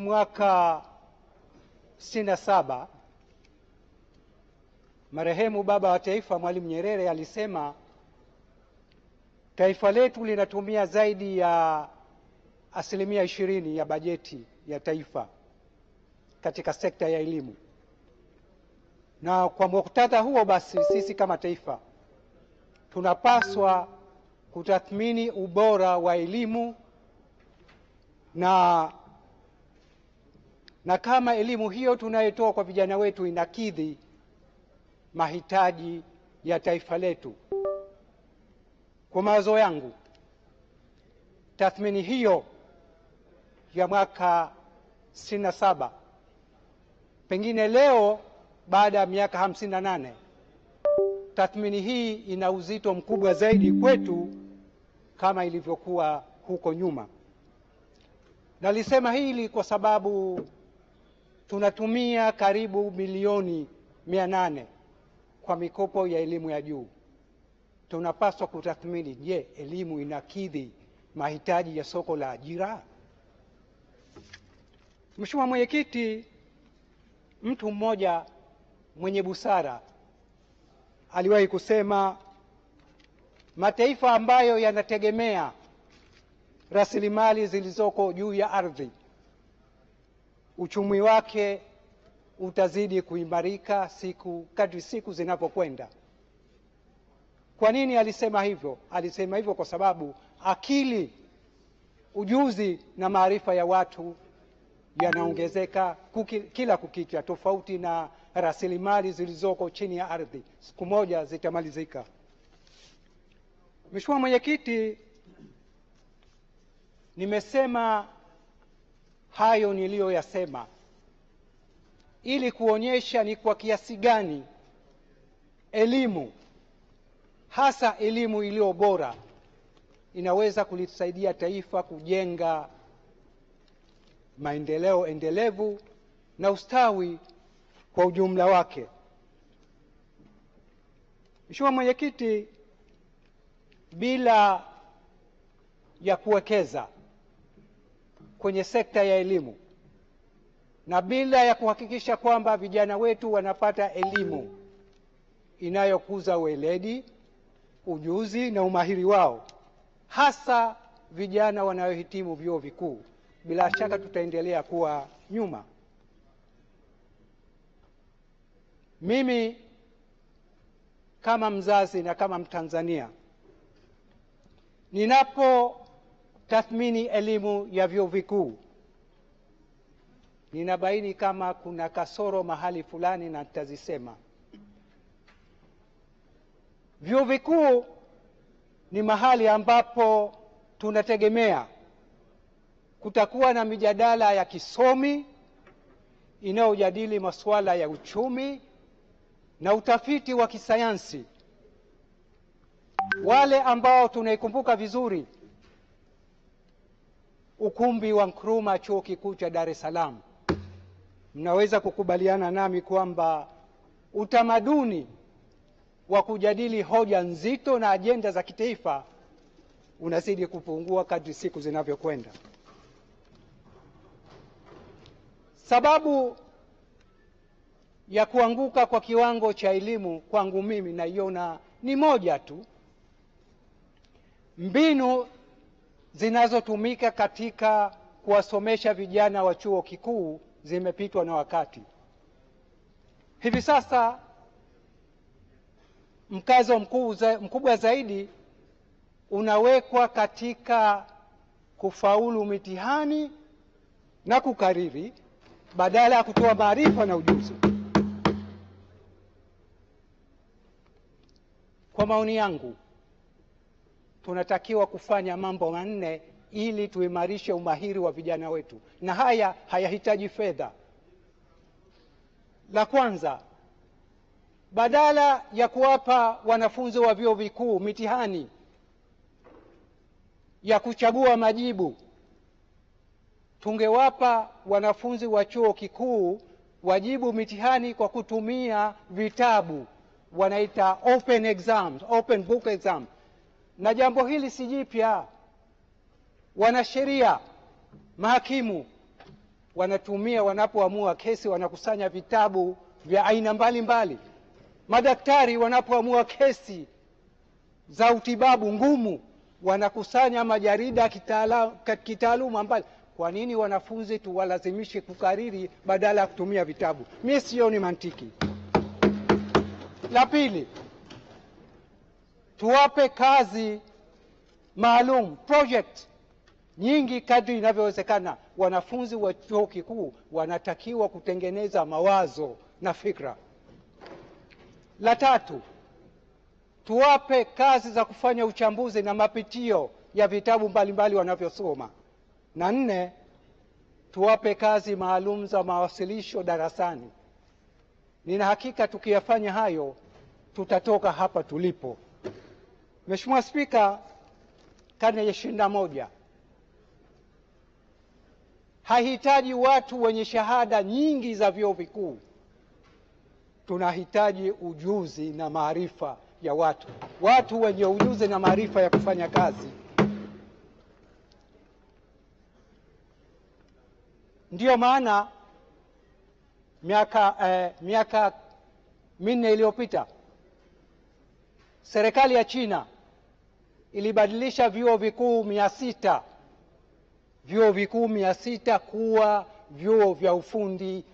Mwaka sitini na saba marehemu baba wa taifa Mwalimu Nyerere alisema taifa letu linatumia zaidi ya asilimia ishirini ya bajeti ya taifa katika sekta ya elimu, na kwa muktadha huo basi, sisi kama taifa tunapaswa kutathmini ubora wa elimu na na kama elimu hiyo tunayotoa kwa vijana wetu inakidhi mahitaji ya taifa letu. Kwa mawazo yangu, tathmini hiyo ya mwaka sitini na saba pengine leo baada ya miaka hamsini na nane tathmini hii ina uzito mkubwa zaidi kwetu kama ilivyokuwa huko nyuma. Nalisema hili kwa sababu tunatumia karibu milioni mia nane kwa mikopo ya elimu ya juu. Tunapaswa kutathmini, je, elimu inakidhi mahitaji ya soko la ajira? Mheshimiwa Mwenyekiti, mtu mmoja mwenye busara aliwahi kusema mataifa ambayo yanategemea rasilimali zilizoko juu ya ardhi uchumi wake utazidi kuimarika siku kadri siku zinapokwenda. Kwa nini alisema hivyo? Alisema hivyo kwa sababu akili, ujuzi na maarifa ya watu yanaongezeka kila kukicha, tofauti na rasilimali zilizoko chini ya ardhi, siku moja zitamalizika. Mheshimiwa Mwenyekiti, nimesema hayo niliyoyasema ili kuonyesha ni kwa kiasi gani elimu hasa elimu iliyo bora inaweza kulisaidia taifa kujenga maendeleo endelevu na ustawi kwa ujumla wake. Mheshimiwa Mwenyekiti, bila ya kuwekeza kwenye sekta ya elimu, na bila ya kuhakikisha kwamba vijana wetu wanapata elimu inayokuza ueledi, ujuzi na umahiri wao, hasa vijana wanaohitimu vyuo vikuu, bila shaka tutaendelea kuwa nyuma. Mimi kama mzazi na kama Mtanzania ninapo tathmini elimu ya vyuo vikuu, ninabaini kama kuna kasoro mahali fulani na nitazisema. Vyuo vikuu ni mahali ambapo tunategemea kutakuwa na mijadala ya kisomi inayojadili masuala ya uchumi na utafiti wa kisayansi. Wale ambao tunaikumbuka vizuri ukumbi wa Nkrumah, chuo kikuu cha Dar es Salaam, mnaweza kukubaliana nami kwamba utamaduni wa kujadili hoja nzito na ajenda za kitaifa unazidi kupungua kadri siku zinavyokwenda. Sababu ya kuanguka kwa kiwango cha elimu kwangu mimi naiona ni moja tu, mbinu zinazotumika katika kuwasomesha vijana wa chuo kikuu zimepitwa na wakati. Hivi sasa mkazo mkubwa zaidi unawekwa katika kufaulu mitihani na kukariri badala ya kutoa maarifa na ujuzi. Kwa maoni yangu tunatakiwa kufanya mambo manne ili tuimarishe umahiri wa vijana wetu, na haya hayahitaji fedha. La kwanza, badala ya kuwapa wanafunzi wa vyuo vikuu mitihani ya kuchagua majibu, tungewapa wanafunzi wa chuo kikuu wajibu mitihani kwa kutumia vitabu, wanaita open exams, open book na jambo hili si jipya. Wanasheria, mahakimu wanatumia wanapoamua kesi, wanakusanya vitabu vya aina mbalimbali mbali. Madaktari wanapoamua kesi za utibabu ngumu, wanakusanya majarida kitaaluma mbali. Kwa nini wanafunzi tuwalazimishe kukariri badala ya kutumia vitabu? Mimi sioni mantiki. La pili tuwape kazi maalum project nyingi kadri inavyowezekana. Wanafunzi wa chuo kikuu wanatakiwa kutengeneza mawazo na fikra. La tatu, tuwape kazi za kufanya uchambuzi na mapitio ya vitabu mbalimbali wanavyosoma. Na nne, tuwape kazi maalum za mawasilisho darasani. Nina hakika tukiyafanya hayo tutatoka hapa tulipo. Mheshimiwa Spika, karne ya ishirini na moja hahitaji watu wenye shahada nyingi za vyuo vikuu, tunahitaji ujuzi na maarifa ya watu, watu wenye ujuzi na maarifa ya kufanya kazi. Ndiyo maana miaka eh, miaka minne iliyopita serikali ya China ilibadilisha vyuo vikuu mia sita vyuo vikuu mia sita kuwa vyuo vya ufundi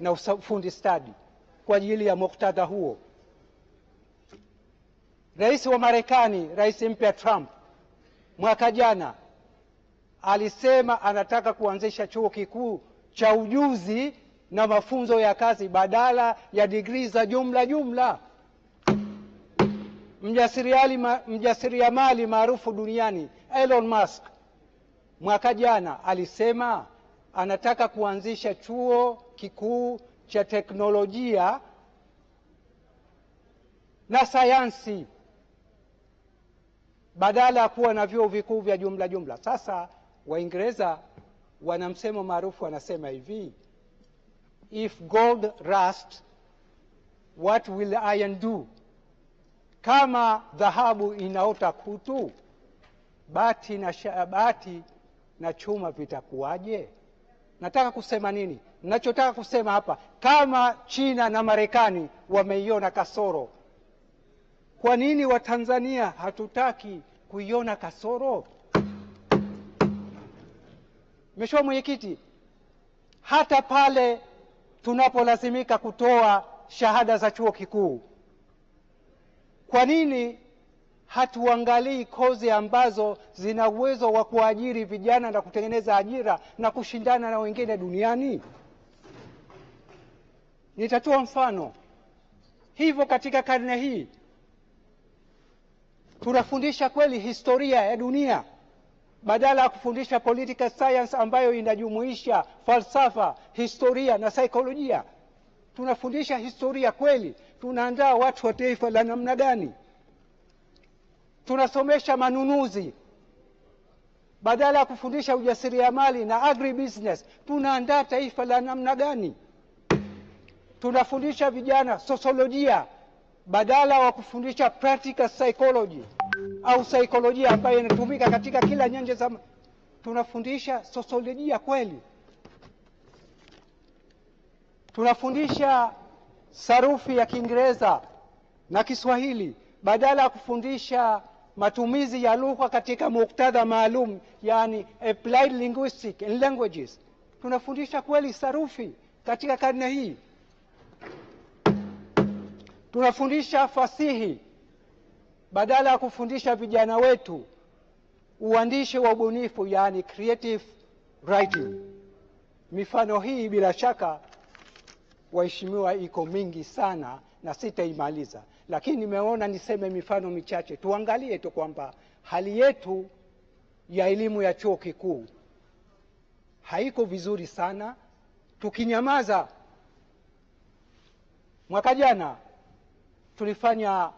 na ufundi stadi kwa ajili ya muktadha huo. Rais wa Marekani, rais mpya Trump, mwaka jana alisema anataka kuanzisha chuo kikuu cha ujuzi na mafunzo ya kazi badala ya digrii za jumla jumla mjasiriamali mjasiriamali maarufu duniani Elon Musk mwaka jana alisema anataka kuanzisha chuo kikuu cha teknolojia na sayansi badala ya kuwa na vyuo vikuu vya jumla jumla. Sasa Waingereza wana msemo maarufu wanasema hivi, if gold rust what will iron do? Kama dhahabu inaota kutu, bati na shabati na chuma vitakuwaje? Nataka kusema nini? Nachotaka kusema hapa, kama China na Marekani wameiona kasoro, kwa nini Watanzania hatutaki kuiona kasoro? Mheshimiwa Mwenyekiti, hata pale tunapolazimika kutoa shahada za chuo kikuu kwa nini hatuangalii kozi ambazo zina uwezo wa kuajiri vijana na kutengeneza ajira na kushindana na wengine duniani? Nitatoa mfano. Hivyo katika karne hii tunafundisha kweli historia ya dunia badala ya kufundisha political science ambayo inajumuisha falsafa, historia na saikolojia tunafundisha historia kweli? Tunaandaa watu wa taifa la namna gani? Tunasomesha manunuzi badala ya kufundisha ujasiriamali na business, Tunaandaa taifa la namna gani? Tunafundisha vijana sosiolojia badala wa kufundisha practical psychology au saikolojia ambayo inatumika katika kila nyanja za, tunafundisha sosiolojia kweli? tunafundisha sarufi ya Kiingereza na Kiswahili badala ya kufundisha matumizi ya lugha katika muktadha maalum, yani applied linguistic and languages. Tunafundisha kweli sarufi katika karne hii? Tunafundisha fasihi badala ya kufundisha vijana wetu uandishi wa ubunifu, yani creative writing. Mifano hii bila shaka waheshimiwa, iko mingi sana na sitaimaliza, lakini nimeona niseme mifano michache. Tuangalie tu kwamba hali yetu ya elimu ya chuo kikuu haiko vizuri sana. Tukinyamaza, mwaka jana tulifanya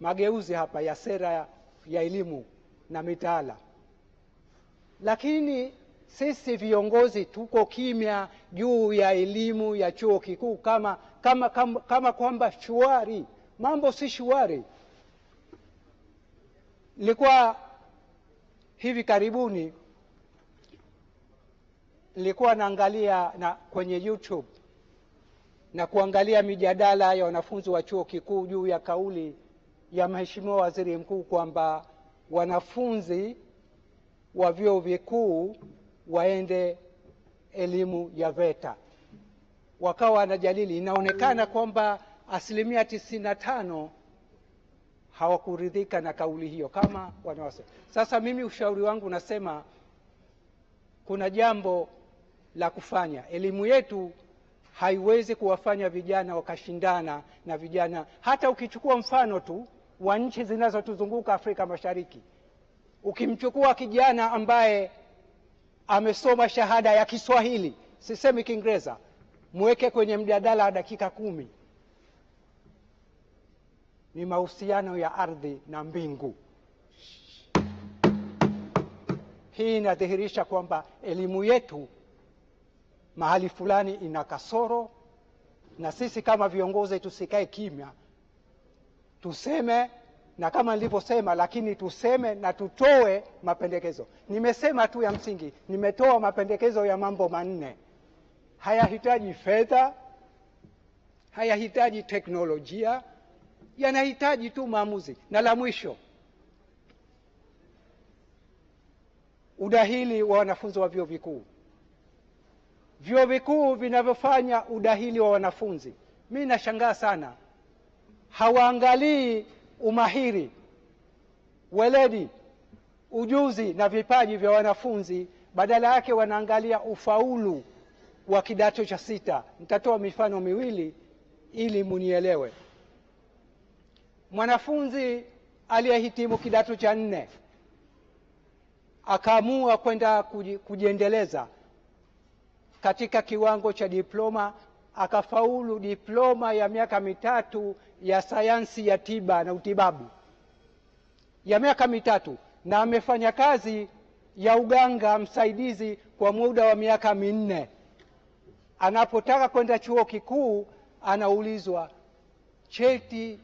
mageuzi hapa ya sera ya elimu na mitaala, lakini sisi viongozi tuko kimya juu ya elimu ya chuo kikuu kama, kama, kama, kama kwamba shuari Mambo si shuari Nilikuwa hivi karibuni nilikuwa naangalia na kwenye YouTube na kuangalia mijadala ya wanafunzi wa chuo kikuu juu ya kauli ya Mheshimiwa Waziri Mkuu kwamba wanafunzi wa vyuo vikuu waende elimu ya VETA, wakawa wanajadili. Inaonekana kwamba asilimia tisini na tano hawakuridhika na kauli hiyo kama wanawasema. Sasa mimi ushauri wangu nasema kuna jambo la kufanya. Elimu yetu haiwezi kuwafanya vijana wakashindana na vijana, hata ukichukua mfano tu wa nchi zinazotuzunguka Afrika Mashariki, ukimchukua kijana ambaye amesoma shahada ya Kiswahili, sisemi Kiingereza, mweke kwenye mjadala wa dakika kumi. Ni mahusiano ya ardhi na mbingu. Hii inadhihirisha kwamba elimu yetu mahali fulani ina kasoro, na sisi kama viongozi tusikae kimya, tuseme na kama nilivyosema, lakini tuseme na tutoe mapendekezo. Nimesema tu ya msingi, nimetoa mapendekezo ya mambo manne. Hayahitaji fedha, hayahitaji teknolojia, yanahitaji tu maamuzi. Na la mwisho, udahili wa wanafunzi wa vyuo vikuu. Vyuo vikuu vinavyofanya udahili wa wanafunzi, mi nashangaa sana, hawaangalii umahiri, weledi, ujuzi na vipaji vya wanafunzi, badala yake wanaangalia ufaulu wa kidato cha sita. Nitatoa mifano miwili ili munielewe. Mwanafunzi aliyehitimu kidato cha nne akaamua kwenda kujiendeleza katika kiwango cha diploma akafaulu diploma ya miaka mitatu ya sayansi ya tiba na utibabu ya miaka mitatu, na amefanya kazi ya uganga msaidizi kwa muda wa miaka minne. Anapotaka kwenda chuo kikuu anaulizwa cheti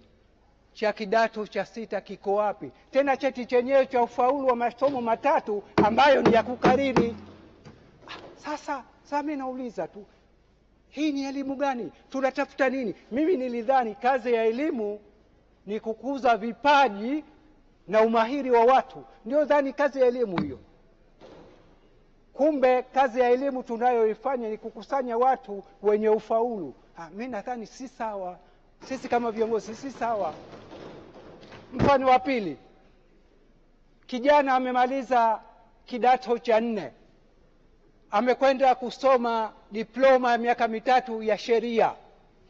cha kidato cha sita kiko wapi? Tena cheti chenyewe cha ufaulu wa masomo matatu ambayo ni ya kukariri. Sasa sasa, mimi nauliza tu hii ni elimu gani? Tunatafuta nini? Mimi nilidhani kazi ya elimu ni kukuza vipaji na umahiri wa watu, ndio dhani kazi ya elimu hiyo. Kumbe kazi ya elimu tunayoifanya ni kukusanya watu wenye ufaulu. Ah, mi nadhani si sawa, sisi kama viongozi si sawa. Mfano wa pili, kijana amemaliza kidato cha nne, amekwenda kusoma diploma ya miaka mitatu ya sheria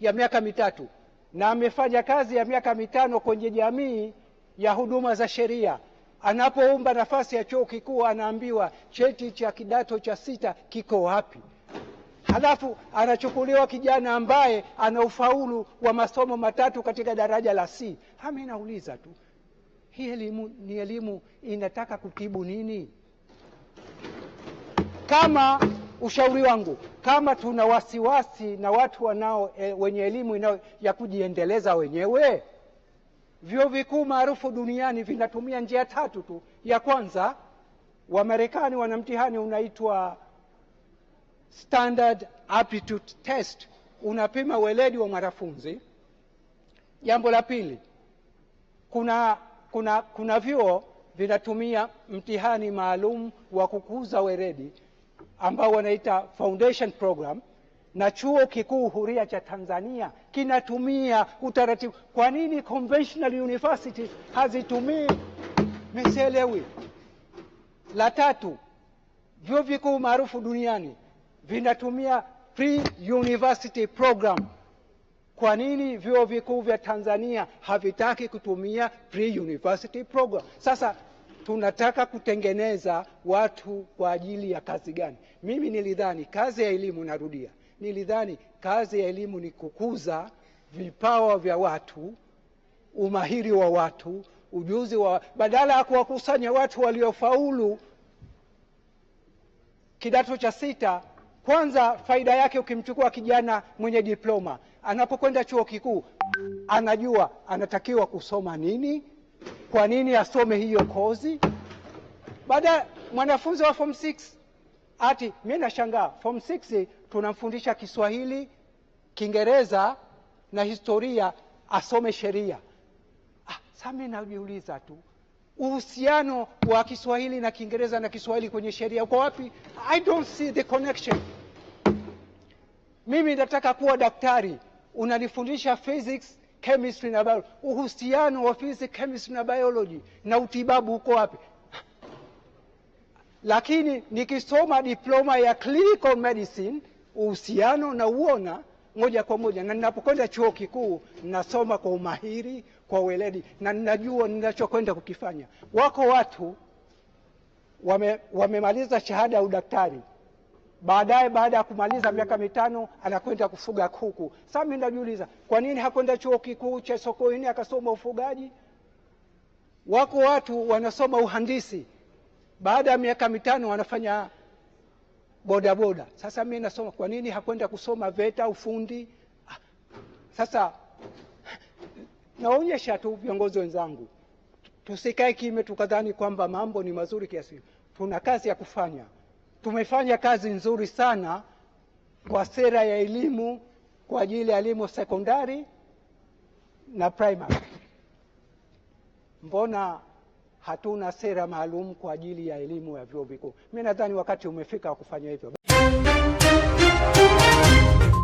ya miaka mitatu na amefanya kazi ya miaka mitano kwenye jamii ya huduma za sheria. Anapoomba nafasi ya chuo kikuu anaambiwa cheti cha kidato cha sita kiko wapi? Halafu anachukuliwa kijana ambaye ana ufaulu wa masomo matatu katika daraja la C. Hami nauliza tu, hii elimu ni elimu inataka kutibu nini? kama ushauri wangu kama tuna wasiwasi na watu wanao e, wenye elimu inayo ya kujiendeleza wenyewe, vyuo vikuu maarufu duniani vinatumia njia tatu tu. Ya kwanza, Wamarekani wana mtihani unaitwa standard aptitude test, unapima weledi wa mwanafunzi. Jambo la pili, kuna, kuna, kuna vyuo vinatumia mtihani maalum wa kukuza weledi ambao wanaita foundation program, na chuo kikuu huria cha Tanzania kinatumia utaratibu. Kwa nini conventional universities hazitumii? Misielewi. La tatu, vyuo vikuu maarufu duniani vinatumia pre university program. Kwa nini vyuo vikuu vya Tanzania havitaki kutumia pre university program? Sasa tunataka kutengeneza watu kwa ajili ya kazi gani? Mimi nilidhani kazi ya elimu, narudia, nilidhani kazi ya elimu ni kukuza vipawa vya watu, umahiri wa watu, ujuzi wa, badala ya kuwakusanya watu waliofaulu kidato cha sita. Kwanza faida yake, ukimchukua kijana mwenye diploma anapokwenda chuo kikuu, anajua anatakiwa kusoma nini kwa nini asome hiyo kozi? Baada mwanafunzi wa form 6 ati mimi nashangaa, form 6 tunamfundisha Kiswahili, Kiingereza na historia, asome sheria. Ah, sami najiuliza tu uhusiano wa Kiswahili na Kiingereza na Kiswahili kwenye sheria uko wapi? I don't see the connection. Mimi nataka kuwa daktari, unanifundisha physics chemistry na biology, uhusiano wa physics, chemistry na biology na utibabu uko wapi? Lakini nikisoma diploma ya clinical medicine uhusiano na uona moja kwa moja, na ninapokwenda chuo kikuu nasoma kwa umahiri, kwa weledi, na ninajua ninachokwenda kukifanya. Wako watu wamemaliza wame shahada ya udaktari baadaye baada ya kumaliza miaka mitano anakwenda kufuga kuku. Sasa mimi najiuliza kwa nini hakwenda chuo kikuu cha Sokoine akasoma ufugaji? Wako watu wanasoma uhandisi, baada ya miaka mitano wanafanya bodaboda. Sasa mimi nasoma, kwa nini hakwenda kusoma VETA ufundi? Ah, sasa naonyesha tu viongozi wenzangu, tusikae kime tukadhani kwamba mambo ni mazuri kiasi. Tuna kazi ya kufanya. Tumefanya kazi nzuri sana kwa sera ya elimu kwa ajili ya elimu sekondari na primary. Mbona hatuna sera maalum kwa ajili ya elimu ya vyuo vikuu? Mimi nadhani wakati umefika wa kufanya hivyo.